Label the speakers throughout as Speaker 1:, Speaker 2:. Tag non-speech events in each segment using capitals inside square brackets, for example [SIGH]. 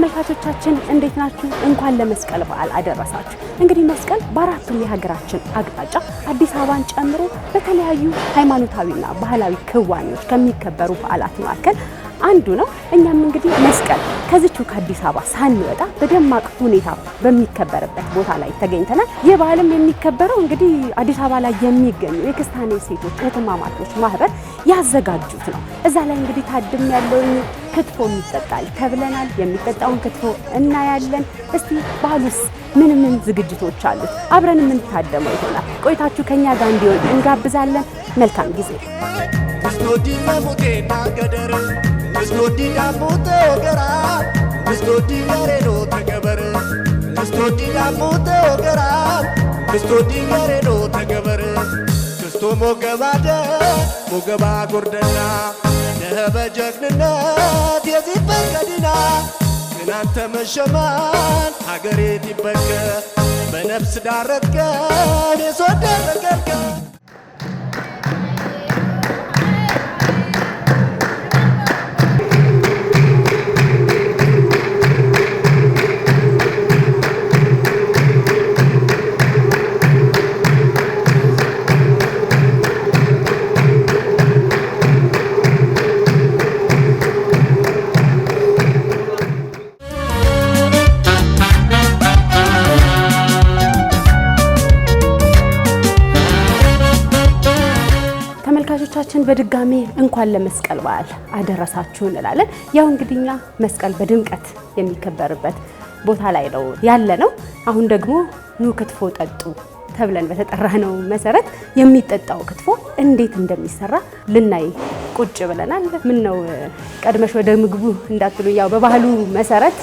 Speaker 1: ተመልካቾቻችን እንዴት ናችሁ? እንኳን ለመስቀል በዓል አደረሳችሁ። እንግዲህ መስቀል በአራቱም የሀገራችን አቅጣጫ አዲስ አበባን ጨምሮ በተለያዩ ሃይማኖታዊና ባህላዊ ክዋኔዎች ከሚከበሩ በዓላት መካከል አንዱ ነው። እኛ እንግዲህ መስቀል ከዚቹ ከአዲስ አበባ ሳንወጣ በደማቅ ሁኔታ በሚከበርበት ቦታ ላይ ተገኝተናል። ይህ በዓልም የሚከበረው እንግዲህ አዲስ አበባ ላይ የሚገኙ የክስታኔ ሴቶች እህትማማቾች ማህበር ያዘጋጁት ነው። እዛ ላይ እንግዲህ ታድም ያለውን ክትፎ ይጠጣል ተብለናል። የሚጠጣውን ክትፎ እናያለን። እስቲ ባህሉስ ምን ምን ዝግጅቶች አሉት? አብረን የምንታደመው ይሆናል። ቆይታችሁ ከእኛ ጋር እንዲሆን እንጋብዛለን። መልካም ጊዜ Mustodi daabboo ta'e garaa Mustodi gareedoo tagabare Mustodi daabboo ta'e garaa Mustodi gareedoo tagabare Mustoo mogabaada mogabaa gordana በጀግንነት የዚህ በቀድና እናንተ መሸማን ሀገሬን ይበቀ በነፍስ ዳረትከን የሶደ በቀርከ ሁላችን በድጋሚ እንኳን ለመስቀል በዓል አደረሳችሁ እንላለን። ያው እንግዲህ እኛ መስቀል በድምቀት የሚከበርበት ቦታ ላይ ነው ያለ ነው። አሁን ደግሞ ኑ ክትፎ ጠጡ ተብለን በተጠራነው መሰረት የሚጠጣው ክትፎ እንዴት እንደሚሰራ ልናይ ቁጭ ብለናል። ምን ነው ቀድመሽ ወደ ምግቡ እንዳትሉ፣ ያው በባህሉ መሰረት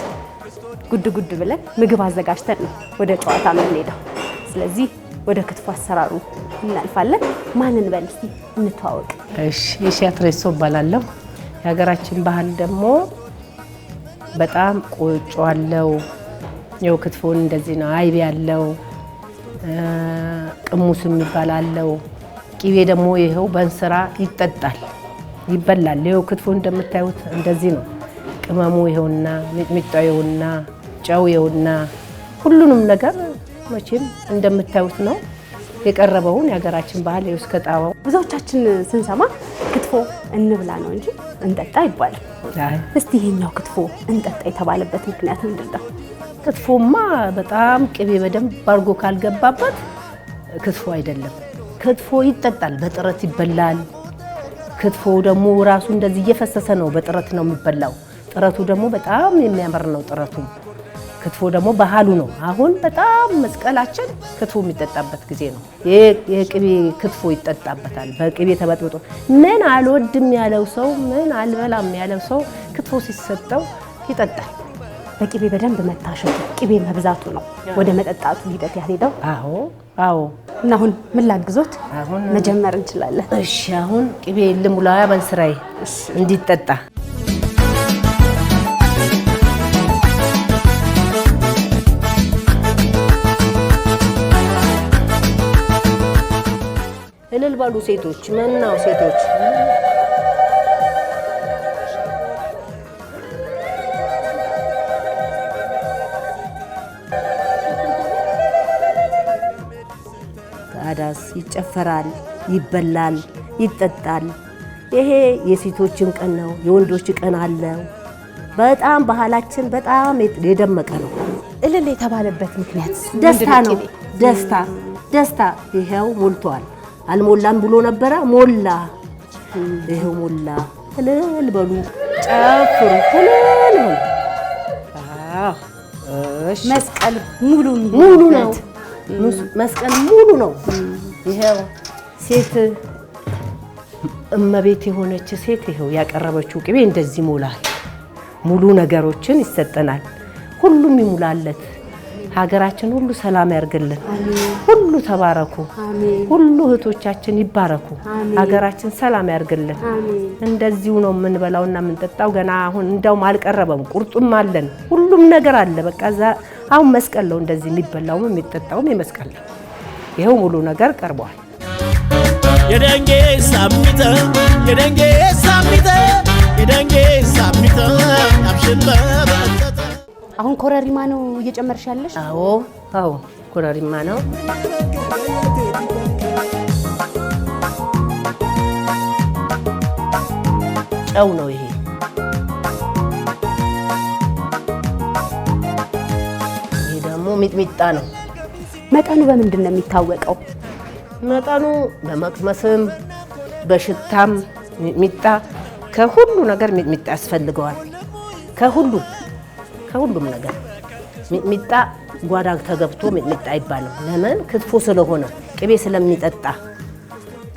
Speaker 1: ጉድ ጉድ ብለን ምግብ አዘጋጅተን ነው ወደ ጨዋታ የምንሄደው። ስለዚህ ወደ ክትፎ አሰራሩ እናልፋለን። ማንን እንበል እስኪ እንተዋወቅ።
Speaker 2: እሺ የሺያትሬሶ እባላለሁ። የሀገራችን ባህል ደግሞ በጣም ቆጮ አለው። ይኸው ክትፎን እንደዚህ ነው። አይብ ያለው ቅሙስ የሚባል አለው። ቂቤ ደግሞ ይኸው በእንስራ ይጠጣል ይበላል። ይኸው ክትፎ እንደምታዩት እንደዚህ ነው። ቅመሙ ይኸውና፣ ሚጥሚጣ ይኸውና፣ ጨው ይኸውና፣ ሁሉንም ነገር መቼም እንደምታዩት ነው የቀረበውን የሀገራችን ባህል ውስጥ
Speaker 1: ብዙዎቻችን ስንሰማ ክትፎ እንብላ ነው እንጂ እንጠጣ ይባላል። እስቲ ይሄኛው ክትፎ እንጠጣ የተባለበት ምክንያት ምንድን ነው?
Speaker 2: ክትፎማ በጣም ቅቤ በደንብ አድርጎ ካልገባበት ክትፎ አይደለም። ክትፎ ይጠጣል፣ በጥረት ይበላል። ክትፎ ደግሞ ራሱ እንደዚህ እየፈሰሰ ነው፣ በጥረት ነው የሚበላው። ጥረቱ ደግሞ በጣም የሚያምር ነው ጥረቱ ክትፎ ደግሞ ባህሉ ነው። አሁን በጣም መስቀላችን ክትፎ የሚጠጣበት ጊዜ ነው። የቅቤ ክትፎ ይጠጣበታል። በቅቤ ተበጥብጦ ምን አልወድም ያለው ሰው፣ ምን አልበላም ያለው ሰው ክትፎ ሲሰጠው ይጠጣል።
Speaker 1: በቅቤ በደንብ መታሸቱ ቅቤ መብዛቱ ነው ወደ መጠጣቱ ሂደት ያሄደው። አዎ አዎ። እና አሁን ምን ላግዞት? አሁን መጀመር እንችላለን።
Speaker 2: እሺ፣ አሁን ቅቤ ልሙላ በንስራዬ እንዲጠጣ ያልባሉ ሴቶች መናው ሴቶች ታዳስ ይጨፈራል፣ ይበላል፣ ይጠጣል። ይሄ የሴቶችን ቀን ነው፣ የወንዶች ቀን አለው። በጣም ባህላችን በጣም የደመቀ ነው።
Speaker 1: እልል የተባለበት ምክንያት
Speaker 2: ደስታ ነው። ደስታ ደስታ ይኸው ሞልቷል። አልሞላም ብሎ ነበረ። ሞላ፣ ይሄው ሞላ። እልል በሉ ጨፍሩ፣ እልል በሉ።
Speaker 1: መስቀል ሙሉ
Speaker 2: ሙሉ ነው። መስቀል ሙሉ ነው። ይሄው ሴት እመቤት የሆነች ሴት ይሄው ያቀረበችው ቅቤ እንደዚህ ሞላ ሙሉ ነገሮችን ይሰጠናል። ሁሉም ይሙላለት ሀገራችን ሁሉ ሰላም ያርግልን። ሁሉ ተባረኩ። ሁሉ እህቶቻችን ይባረኩ። ሀገራችን ሰላም ያርግልን። እንደዚሁ ነው የምንበላውና የምንጠጣው። ገና አሁን እንደውም አልቀረበም፣ ቁርጡም አለን፣ ሁሉም ነገር አለ። በቃ አሁን መስቀል ነው እንደዚህ የሚበላውም የሚጠጣውም የመስቀል ነው። ይኸው ሙሉ ነገር ቀርበዋል። የደንጌ ሳሚተ የደንጌ ሳሚተ
Speaker 1: የደንጌ ሳሚተ አሁን ኮረሪማ ነው እየጨመርሽ ያለሽ?
Speaker 2: አዎ አዎ፣ ኮረሪማ ነው። ጨው ነው ይሄ። ይሄ ደግሞ ሚጥሚጣ ነው።
Speaker 1: መጠኑ በምንድን ነው የሚታወቀው?
Speaker 2: መጠኑ በመቅመስም በሽታም ሚጥሚጣ ከሁሉ ነገር ሚጥሚጣ ያስፈልገዋል ከሁሉም ከሁሉም ነገር ሚጣ ጓዳ ተገብቶ ሚጣ አይባልም። ለምን? ክትፎ ስለሆነ ቅቤ ስለሚጠጣ።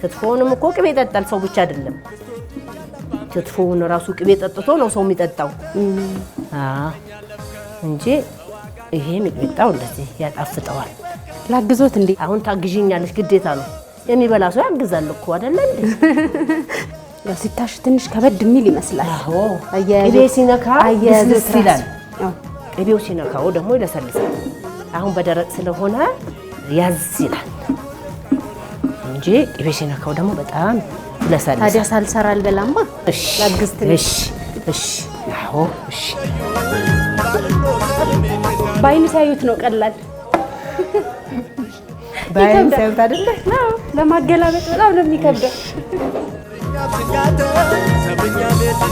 Speaker 2: ክትፎውንም እኮ ቅቤ ይጠጣል ሰው ብቻ አይደለም። ክትፎውን ራሱ ቅቤ ጠጥቶ ነው ሰው የሚጠጣው እንጂ ይሄ ሚጣው እንደዚህ ያጣፍጠዋል። ላግዞት እንዴ? አሁን ታግዥኛለች። ግዴታ ነው። የሚበላ ሰው ያግዛል እኮ አደለ እንዴ?
Speaker 1: ሲታሽ ትንሽ ከበድ የሚል ይመስላል።
Speaker 2: ቅቤ ሲነካ ስስ ይላል። ቅቤው ሲነካው ደግሞ ይለሰልሳል። አሁን በደረቅ ስለሆነ ያዝ ይላል እንጂ ቅቤ ሲነካው ደግሞ በጣም
Speaker 1: ይለሰልሳል። ታዲያ ሳልሰራ አልበላማ።
Speaker 2: እሺ እሺ አዎ እሺ።
Speaker 1: በአይን ሲያዩት ነው ቀላል በአይን ሲያዩት አይደለ? ለማገላበጥ በጣም ነው የሚከብደው። ሰብኛ ቤት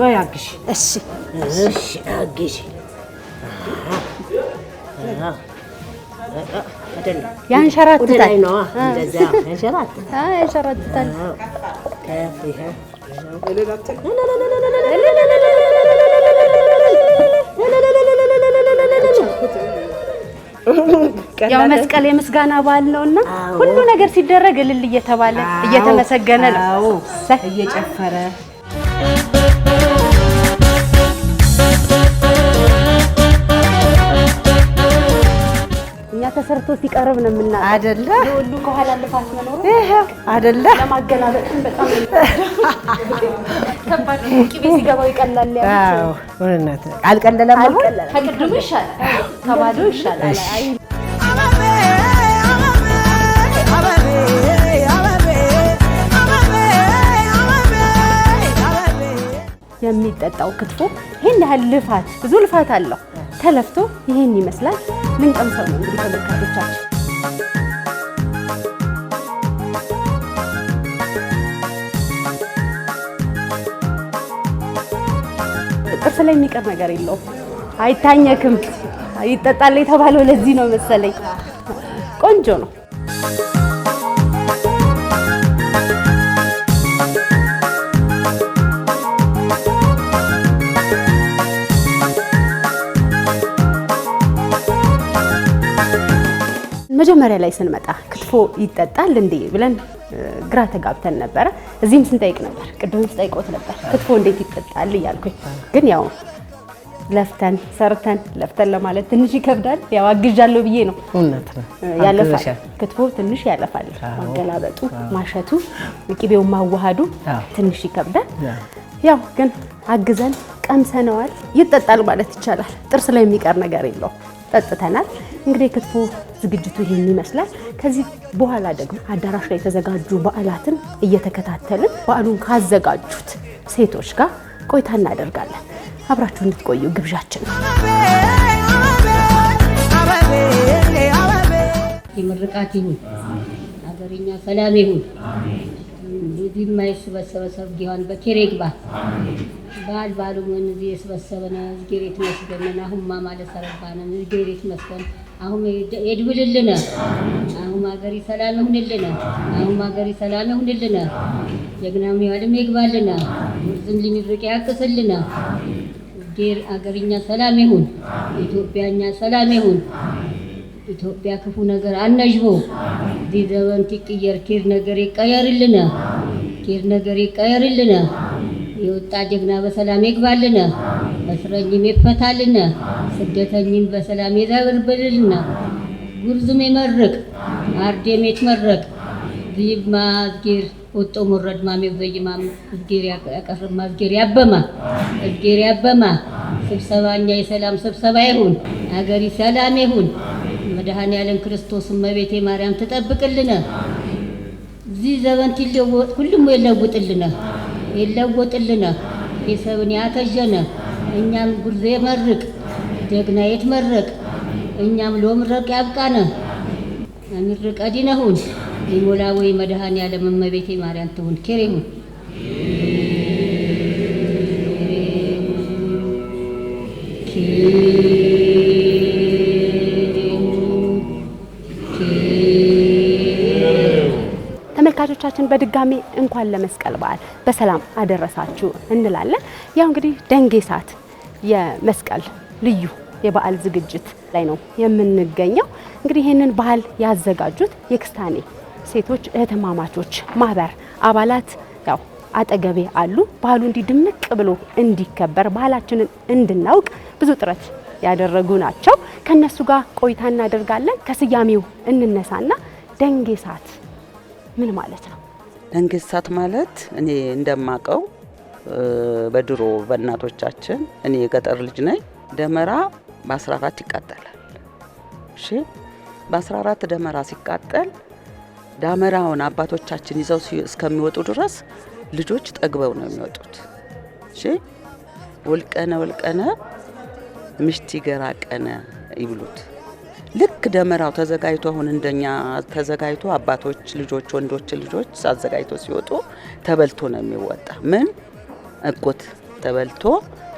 Speaker 2: በይ አግዢ። እሺ እሺ፣ አግዢ
Speaker 1: ያንሸራትታል
Speaker 2: ነው እንደዚያ
Speaker 1: ያንሸራትታል። ያው መስቀል የምስጋና በዓል ነውና ሁሉ ነገር ሲደረግ እልል እየተባለ እየተመሰገነ
Speaker 2: ነው እየጨፈረ
Speaker 1: ተሰርቶ ሲቀርብ ነው
Speaker 2: የምናውቀው አይደለ?
Speaker 1: ሁሉ ከኋላ ልፋት መኖሩ
Speaker 2: ይሄ አይደለ?
Speaker 1: ለማገናበጥም በጣም ከባድ ነው። ቅቤ ሲገባው ይቀላል።
Speaker 2: ያው እውነት አልቀለለም።
Speaker 1: አሁን ከቅድሙ ይሻላል፣ ከባዶ ይሻላል። የሚጠጣው ክትፎ ይሄን ያህል ልፋት ብዙ ልፋት አለው። ተለፍቶ ይሄን ይመስላል። ምን ቀምሰው ነው እንግዲህ ተመልካቾቻችን። ቅርስ ላይ የሚቀር ነገር የለውም። አይታኘክም። ይጠጣል የተባለው ለዚህ ነው መሰለኝ። ቆንጆ ነው። መጀመሪያ ላይ ስንመጣ ክትፎ ይጠጣል እንዴ ብለን ግራ ተጋብተን ነበረ። እዚህም ስንጠይቅ ነበር፣ ቅድም ስጠይቆት ነበር ክትፎ እንዴት ይጠጣል እያልኩኝ። ግን ያው ለፍተን ሰርተን ለፍተን ለማለት ትንሽ ይከብዳል። ያው አግዣለሁ ብዬ ነው። እውነት ነው ያለፋል፣ ክትፎ ትንሽ ያለፋል። ማገላበጡ፣ ማሸቱ፣ ቅቤው ማዋሃዱ ትንሽ ይከብዳል። ያው ግን አግዘን ቀምሰነዋል። ይጠጣል ማለት ይቻላል። ጥርስ ላይ የሚቀር ነገር የለውም። ጠጥተናል። የሬ ክትፎ ዝግጅቱ ይሄን ይመስላል። ከዚህ በኋላ ደግሞ አዳራሽ ላይ የተዘጋጁ በዓላትን እየተከታተልን በዓሉን ካዘጋጁት ሴቶች ጋር ቆይታ እናደርጋለን። አብራችሁ እንድትቆዩ ግብዣችን ነው።
Speaker 2: ይሁን፣ አገርኛ ሰላም ይሁን። እዚህ የማይሰበሰበ ሰብ ዲሆን በኬሬ ባል በዓል ባሉ ምን እዚህ የሰበሰበነ ዝጌሬት መስገን አሁማ ማለት ሰረባነ ዝጌሬት መስገን አሁን የድብልልነ አሁን ሀገሪ ሰላም ይሁንልነ። አሁን ሀገሪ ሰላም ይሁንልነ። የግናም ያለም ይግባልነ። ዝም ሊሚርቅ ያቅስልነ። ዴር አገርኛ ሰላም ይሁን። ኢትዮጵያኛ ሰላም ይሁን። ኢትዮጵያ ክፉ ነገር አነጅቦ እዚህ ዘበን ትቅየር ኬር ነገር ይቀየርልነ። ኬር ነገር ይቀየርልነ። የወጣ ጀግና በሰላም ይግባልነ። እስረኝም ይፈታልነ፣ ስደተኝም በሰላም ይዘብርብልን። ጉርዙም ይመርቅ አርዴም ይትመረቅ ዝይብ ማዝጊር ወጦ ሙረድ ማሜ በይማም እዝጌር ያቀርብ ማዝጌር ያበማ እዝጌር ያበማ ስብሰባኛ የሰላም ስብሰባ ይሁን፣ አገሪ ሰላም ይሁን። መድኃኔዓለም ክርስቶስ እመቤቴ ማርያም ትጠብቅልን። እዚህ ዘበንት ይለወጥ ሁሉም የለውጥልን የለወጥልን የሰብን ያተጀነ እኛም ጉርዜ መርቅ ደግናየት መረቅ እኛም ሎምረቅ ያብቃነ ምርቀ ዲነሁን ሊሞላ ወይ መድሃን ያለ መመቤቴ ማርያም ትሁን ኬር ይሁን
Speaker 1: ተመልካቾቻችን በድጋሚ እንኳን ለመስቀል በዓል በሰላም አደረሳችሁ እንላለን። ያው እንግዲህ ደንጌ ሳት የመስቀል ልዩ የበዓል ዝግጅት ላይ ነው የምንገኘው። እንግዲህ ይህንን በዓል ያዘጋጁት የክስታኔ ሴቶች እህትማማቾች ማህበር አባላት ያው አጠገቤ አሉ። ባህሉ እንዲህ ድምቅ ብሎ እንዲከበር ባህላችንን እንድናውቅ ብዙ ጥረት ያደረጉ ናቸው። ከእነሱ ጋር ቆይታ እናደርጋለን። ከስያሜው እንነሳና ደንጌ ሳት ምን ማለት ነው?
Speaker 2: ደንግሳት ማለት እኔ እንደማቀው በድሮ በእናቶቻችን እኔ የገጠር ልጅ ነኝ። ደመራ በ14 ይቃጠላል። እሺ በ14 ደመራ ሲቃጠል ዳመራውን አባቶቻችን ይዘው እስከሚወጡ ድረስ ልጆች ጠግበው ነው የሚወጡት። እሺ ወልቀነ ወልቀነ ምሽት ይገራቀነ ይብሉት ልክ ደመራው ተዘጋጅቶ አሁን እንደኛ ተዘጋጅቶ አባቶች ልጆች ወንዶች ልጆች አዘጋጅቶ ሲወጡ ተበልቶ ነው የሚወጣ። ምን እጎት ተበልቶ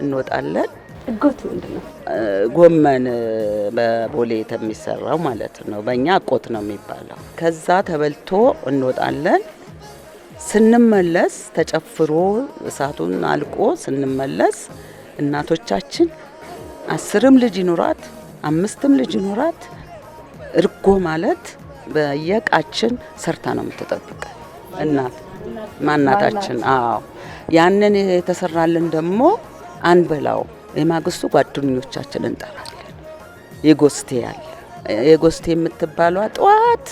Speaker 2: እንወጣለን።
Speaker 1: እጎት ምንድነው?
Speaker 2: ጎመን በቦሌ የሚሰራው ማለት ነው። በእኛ እቆት ነው የሚባለው። ከዛ ተበልቶ እንወጣለን። ስንመለስ ተጨፍሮ እሳቱን አልቆ ስንመለስ እናቶቻችን አስርም ልጅ ይኑራት አምስትም ልጅ ኖራት እርጎ ማለት በየቃችን ሰርታ ነው የምትጠብቀ እናት ማናታችን። አዎ ያንን የተሰራልን ደግሞ አንበላው። የማግስቱ ጓደኞቻችን እንጠራለን። የጎስቴ ያለ የጎስቴ የምትባሏ ጠዋት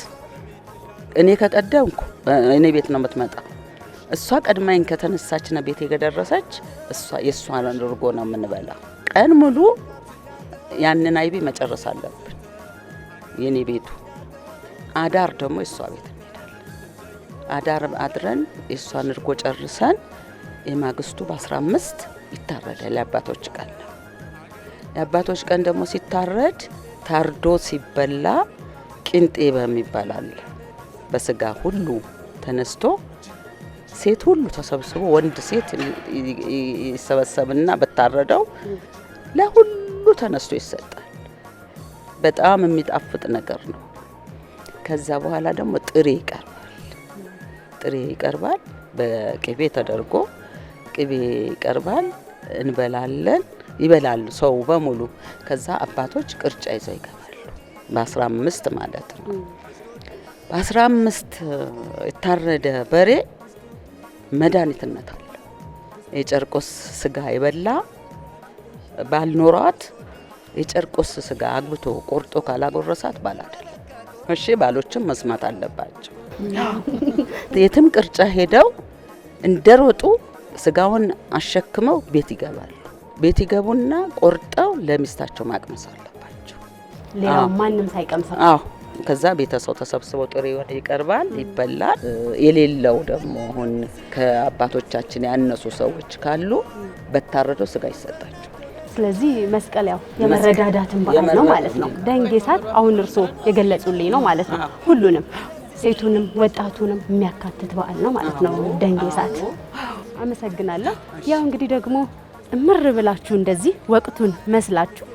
Speaker 2: እኔ ከቀደምኩ እኔ ቤት ነው የምትመጣ። እሷ ቀድማኝ ከተነሳች ቤት ቤቴ እሷ የእሷን እርጎ ነው የምንበላ ቀን ሙሉ ያንን አይቤ መጨረስ አለብን። የኔ ቤቱ አዳር ደግሞ የእሷ ቤት እንሄዳለን። አዳር አድረን የእሷን እርጎ ጨርሰን የማግስቱ በ15 ይታረዳል። የአባቶች ቀን ነው። የአባቶች ቀን ደግሞ ሲታረድ ታርዶ ሲበላ ቂንጤ በሚባላል በስጋ ሁሉ ተነስቶ ሴት ሁሉ ተሰብስቦ ወንድ ሴት ይሰበሰብና በታረደው ለሁሉ ተነስቶ ይሰጣል። በጣም የሚጣፍጥ ነገር ነው። ከዛ በኋላ ደግሞ ጥሬ ይቀርባል። ጥሬ ይቀርባል፣ በቅቤ ተደርጎ ቅቤ ይቀርባል። እንበላለን፣ ይበላሉ ሰው በሙሉ። ከዛ አባቶች ቅርጫ ይዘው ይገባሉ። በአስራ አምስት ማለት ነው። በአስራ አምስት የታረደ በሬ መድኃኒትነት አለው። የጨርቆስ ስጋ የበላ ባልኖሯት የጨርቆስ ስጋ አግብቶ ቆርጦ ካላጎረሳት ባል አይደለም። እሺ ባሎችም መስማት አለባቸው። [LAUGHS] የትም ቅርጫ ሄደው እንደሮጡ ስጋውን አሸክመው ቤት ይገባሉ። ቤት ይገቡና ቆርጠው ለሚስታቸው ማቅመስ አለባቸው።
Speaker 1: ሌላ ማንም ሳይቀምሰው
Speaker 2: ከዛ ቤተሰብ ተሰብስቦ ጥሬ ወደ ይቀርባል፣ ይበላል። የሌለው ደግሞ አሁን ከአባቶቻችን ያነሱ ሰዎች ካሉ በታረደው ስጋ ይሰጣቸው።
Speaker 1: ስለዚህ መስቀል ያው የመረዳዳትን በዓል ነው ማለት ነው። ደንጌሳት አሁን እርስዎ የገለጹልኝ ነው ማለት ነው። ሁሉንም ሴቱንም ወጣቱንም የሚያካትት በዓል ነው ማለት ነው ደንጌሳት። አመሰግናለሁ። ያው እንግዲህ ደግሞ እምር ብላችሁ እንደዚህ ወቅቱን መስላችሁ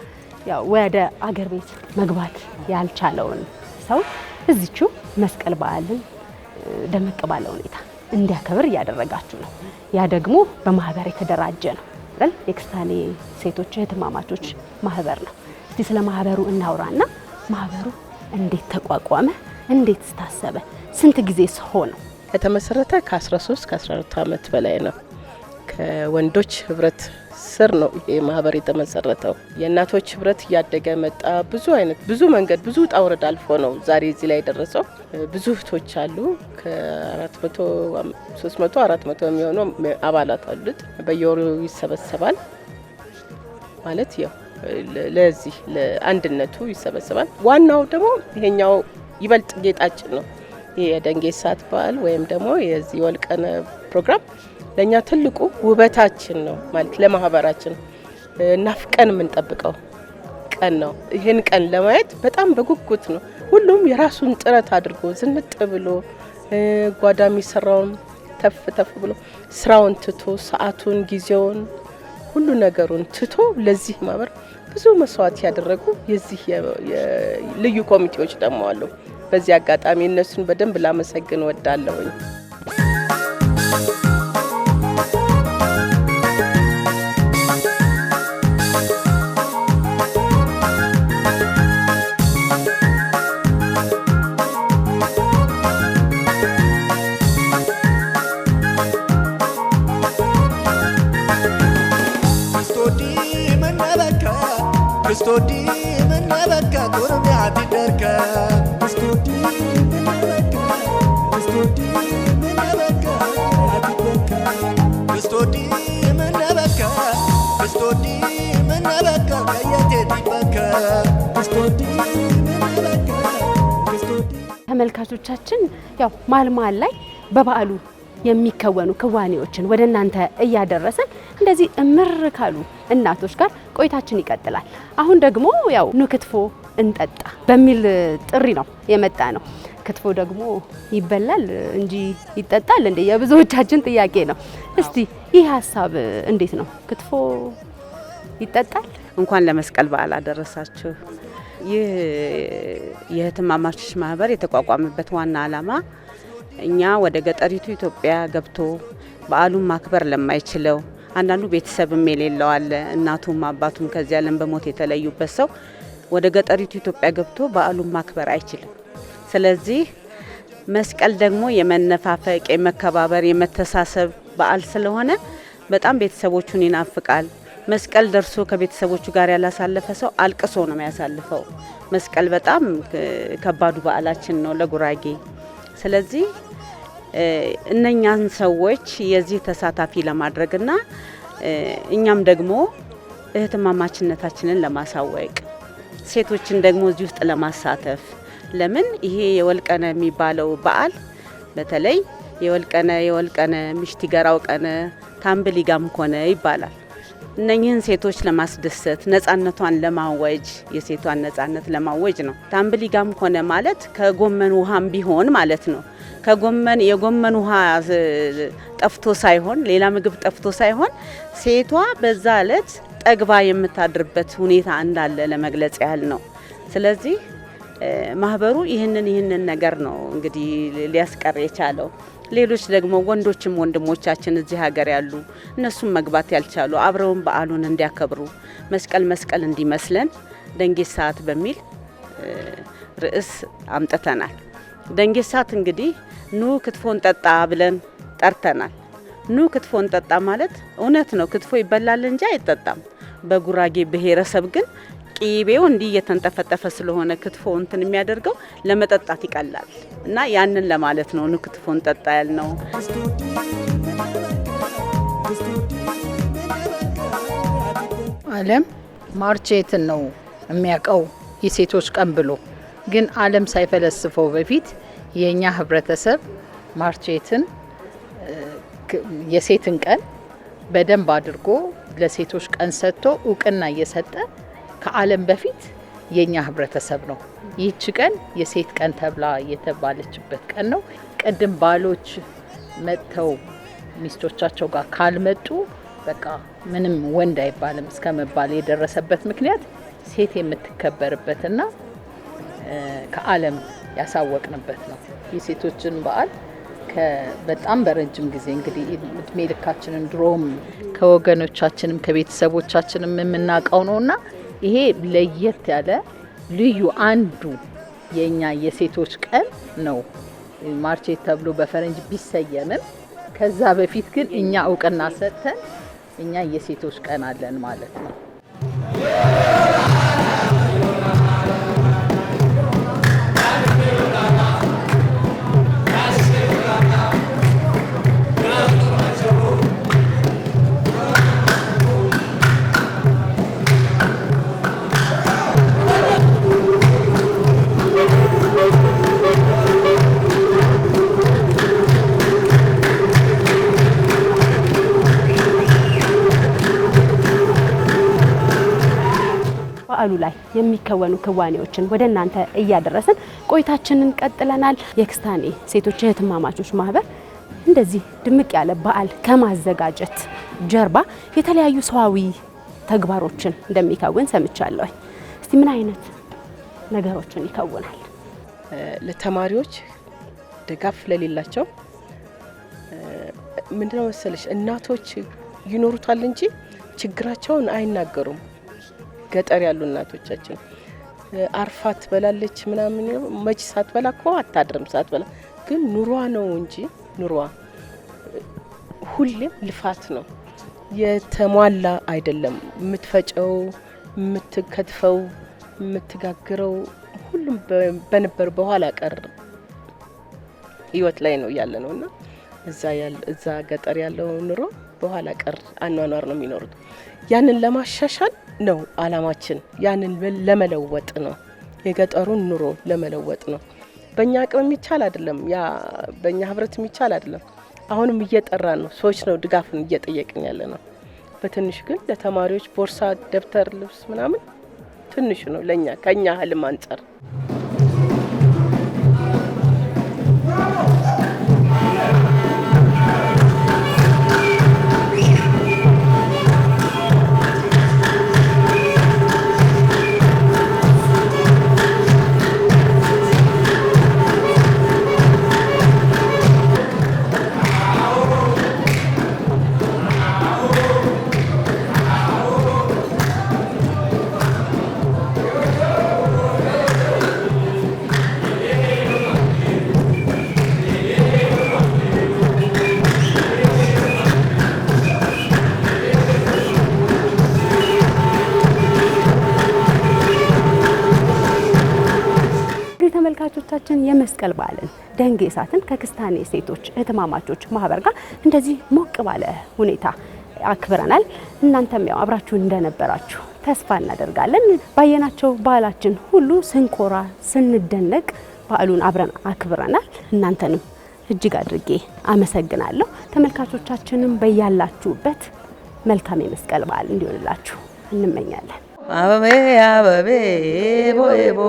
Speaker 1: ያው ወደ አገር ቤት መግባት ያልቻለውን ሰው እዚችው መስቀል በዓልን ደመቅ ባለ ሁኔታ እንዲያከብር እያደረጋችሁ ነው። ያ ደግሞ በማህበር የተደራጀ ነው። በመቀጠል የክስታኔ ሴቶች እህትማማቾች ማህበር ነው። እስቲ ስለ ማህበሩ እናውራና ማህበሩ እንዴት ተቋቋመ? እንዴት ስታሰበ? ስንት ጊዜ ሆነ
Speaker 2: ከተመሰረተ ከ13 ከ14 ዓመት በላይ ነው። ከወንዶች ህብረት ስር ነው ይሄ ማህበር የተመሰረተው። የእናቶች ህብረት እያደገ መጣ። ብዙ አይነት ብዙ መንገድ ብዙ ውጣ ውረድ አልፎ ነው ዛሬ እዚህ ላይ የደረሰው። ብዙ እህቶች አሉ። ከ300 400 የሚሆኑ አባላት አሉት። በየወሩ ይሰበሰባል ማለት ያው ለዚህ ለአንድነቱ ይሰበሰባል። ዋናው ደግሞ ይሄኛው ይበልጥ ጌጣችን ነው። ይሄ የደንጌ ሳት በዓል ወይም ደግሞ የዚህ ወልቀነ ፕሮግራም ለእኛ ትልቁ ውበታችን ነው ማለት ለማህበራችን ናፍቀን የምንጠብቀው ቀን ነው። ይህን ቀን ለማየት በጣም በጉጉት ነው። ሁሉም የራሱን ጥረት አድርጎ ዝንጥ ብሎ ጓዳ የሚሰራውን ተፍ ተፍ ብሎ ስራውን ትቶ ሰዓቱን፣ ጊዜውን፣ ሁሉ ነገሩን ትቶ ለዚህ ማህበር ብዙ መስዋዕት ያደረጉ የዚህ ልዩ ኮሚቴዎች ደግሞ አሉ። በዚህ አጋጣሚ እነሱን በደንብ ላመሰግን ወዳለሁኝ።
Speaker 1: استودي من بكى قرب عبي دركة استودي من بكى استودي من بكى عبي دركة استودي من بكى استودي من بكى كيتي بكى استودي من بكى ተመልካቾቻችን ያው ማልማል ላይ በበዓሉ የሚከወኑ ክዋኔዎችን ወደ እናንተ እያደረስን እንደዚህ እምር ካሉ እናቶች ጋር ቆይታችን ይቀጥላል። አሁን ደግሞ ያው ኑ ክትፎ እንጠጣ በሚል ጥሪ ነው የመጣ ነው። ክትፎ ደግሞ ይበላል እንጂ ይጠጣል እንዴ? የብዙዎቻችን ጥያቄ ነው። እስቲ ይህ ሀሳብ እንዴት ነው? ክትፎ ይጠጣል?
Speaker 2: እንኳን ለመስቀል በዓል አደረሳችሁ። ይህ የእህትማማቾች ማህበር የተቋቋመበት ዋና ዓላማ እኛ ወደ ገጠሪቱ ኢትዮጵያ ገብቶ በዓሉን ማክበር ለማይችለው አንዳንዱ ቤተሰብም የሌለው አለ። እናቱም አባቱም ከዚህ ዓለም በሞት የተለዩበት ሰው ወደ ገጠሪቱ ኢትዮጵያ ገብቶ በዓሉን ማክበር አይችልም። ስለዚህ መስቀል ደግሞ የመነፋፈቅ፣ የመከባበር፣ የመተሳሰብ በዓል ስለሆነ በጣም ቤተሰቦቹን ይናፍቃል። መስቀል ደርሶ ከቤተሰቦቹ ጋር ያላሳለፈ ሰው አልቅሶ ነው የሚያሳልፈው። መስቀል በጣም ከባዱ በዓላችን ነው ለጉራጌ። ስለዚህ እነኛን ሰዎች የዚህ ተሳታፊ ለማድረግና እኛም ደግሞ እህትማማችነታችንን ለማሳወቅ ሴቶችን ደግሞ እዚህ ውስጥ ለማሳተፍ ለምን ይሄ የወልቀነ የሚባለው በዓል በተለይ የወልቀነ የወልቀነ ምሽት ይገራው ቀነ ታምብሊጋም ኮነ ይባላል። እነኝህን ሴቶች ለማስደሰት ነጻነቷን ለማወጅ የሴቷን ነጻነት ለማወጅ ነው። ታምብሊጋም ሆነ ማለት ከጎመን ውሃም ቢሆን ማለት ነው። ከጎመን የጎመን ውሃ ጠፍቶ ሳይሆን ሌላ ምግብ ጠፍቶ ሳይሆን ሴቷ በዛ ዕለት ጠግባ የምታድርበት ሁኔታ እንዳለ ለመግለጽ ያህል ነው። ስለዚህ ማህበሩ ይህንን ይህንን ነገር ነው እንግዲህ ሊያስቀር የቻለው። ሌሎች ደግሞ ወንዶችም ወንድሞቻችን እዚህ ሀገር ያሉ እነሱም መግባት ያልቻሉ አብረውን በዓሉን እንዲያከብሩ መስቀል መስቀል እንዲመስለን ደንጌ ሰዓት በሚል ርዕስ አምጥተናል። ደንጌ ሰዓት እንግዲህ ኑ ክትፎን ጠጣ ብለን ጠርተናል። ኑ ክትፎን ጠጣ ማለት እውነት ነው። ክትፎ ይበላል እንጂ አይጠጣም። በጉራጌ ብሔረሰብ ግን ቂቤው እንዲህ እየተንጠፈጠፈ ስለሆነ ክትፎ እንትን የሚያደርገው ለመጠጣት ይቀላል እና ያንን ለማለት ነው ኑ ጠጣ ያል ነው። አለም ማርቼትን ነው የሚያውቀው የሴቶች ቀን ብሎ ግን አለም ሳይፈለስፈው በፊት የእኛ ህብረተሰብ ማርቼትን የሴትን ቀን በደንብ አድርጎ ለሴቶች ቀን ሰጥቶ እውቅና እየሰጠ ከዓለም በፊት የኛ ህብረተሰብ ነው። ይህች ቀን የሴት ቀን ተብላ የተባለችበት ቀን ነው። ቅድም ባሎች መጥተው ሚስቶቻቸው ጋር ካልመጡ በቃ ምንም ወንድ አይባልም እስከ መባል የደረሰበት ምክንያት ሴት የምትከበርበትና ከዓለም ያሳወቅንበት ነው። የሴቶችን በዓል በጣም በረጅም ጊዜ እንግዲህ እድሜ ልካችንን ድሮም ከወገኖቻችንም ከቤተሰቦቻችንም የምናውቀው ነውና ይሄ ለየት ያለ ልዩ አንዱ የእኛ የሴቶች ቀን ነው ማርቼት ተብሎ በፈረንጅ ቢሰየምም ከዛ በፊት ግን እኛ እውቅና ሰጥተን እኛ የሴቶች ቀን አለን ማለት ነው።
Speaker 1: በበዓሉ ላይ የሚከወኑ ክዋኔዎችን ወደ እናንተ እያደረስን ቆይታችንን ቀጥለናል። የክስታኔ ሴቶች እህትማማቾች ማህበር እንደዚህ ድምቅ ያለ በዓል ከማዘጋጀት ጀርባ የተለያዩ ሰዋዊ ተግባሮችን እንደሚከውን ሰምቻለሁ። እስቲ ምን አይነት ነገሮችን ይከውናል?
Speaker 2: ለተማሪዎች ድጋፍ ለሌላቸው ምንድነው መሰለሽ እናቶች ይኖሩታል እንጂ ችግራቸውን አይናገሩም። ገጠር ያሉ እናቶቻችን አርፋ ትበላለች ምናምን። መቼ ሳትበላ እኮ አታድርም። ሳትበላ ግን ኑሯ ነው እንጂ ኑሯ ሁሌም ልፋት ነው። የተሟላ አይደለም። የምትፈጨው፣ የምትከትፈው፣ የምትጋግረው ሁሉም በነበር በኋላ ቀር ህይወት ላይ ነው ያለ ነው እና እዛ ገጠር ያለው ኑሮ በኋላ ቀር አኗኗር ነው የሚኖሩት። ያንን ለማሻሻል ነው አላማችን፣ ያንን ለመለወጥ ነው፣ የገጠሩን ኑሮ ለመለወጥ ነው። በእኛ አቅም የሚቻል አይደለም፣ ያ በእኛ ህብረት የሚቻል አይደለም። አሁንም እየጠራን ነው፣ ሰዎች ነው ድጋፍን እየጠየቅን ያለ ነው። በትንሹ ግን ለተማሪዎች ቦርሳ፣ ደብተር፣ ልብስ ምናምን ትንሹ ነው ለእኛ ከእኛ ህልም አንጻር
Speaker 1: የመስቀል በዓልን ደንጌ እሳትን ከክስታኔ ሴቶች እህትማማቾች ማህበር ጋር እንደዚህ ሞቅ ባለ ሁኔታ አክብረናል። እናንተም ያው አብራችሁ እንደነበራችሁ ተስፋ እናደርጋለን። ባየናቸው በዓላችን ሁሉ ስንኮራ ስንደነቅ በዓሉን አብረን አክብረናል። እናንተንም እጅግ አድርጌ አመሰግናለሁ። ተመልካቾቻችንም በያላችሁበት መልካም የመስቀል በዓል እንዲሆንላችሁ እንመኛለን። አበቤ አበቤ ቦ ቦ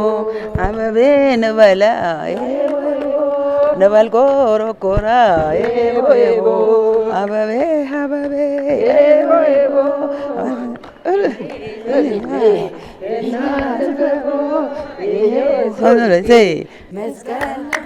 Speaker 1: አበቤ ንበላ ንበል ኮረኮራ ቦ አበቤ አበቤ መስቀል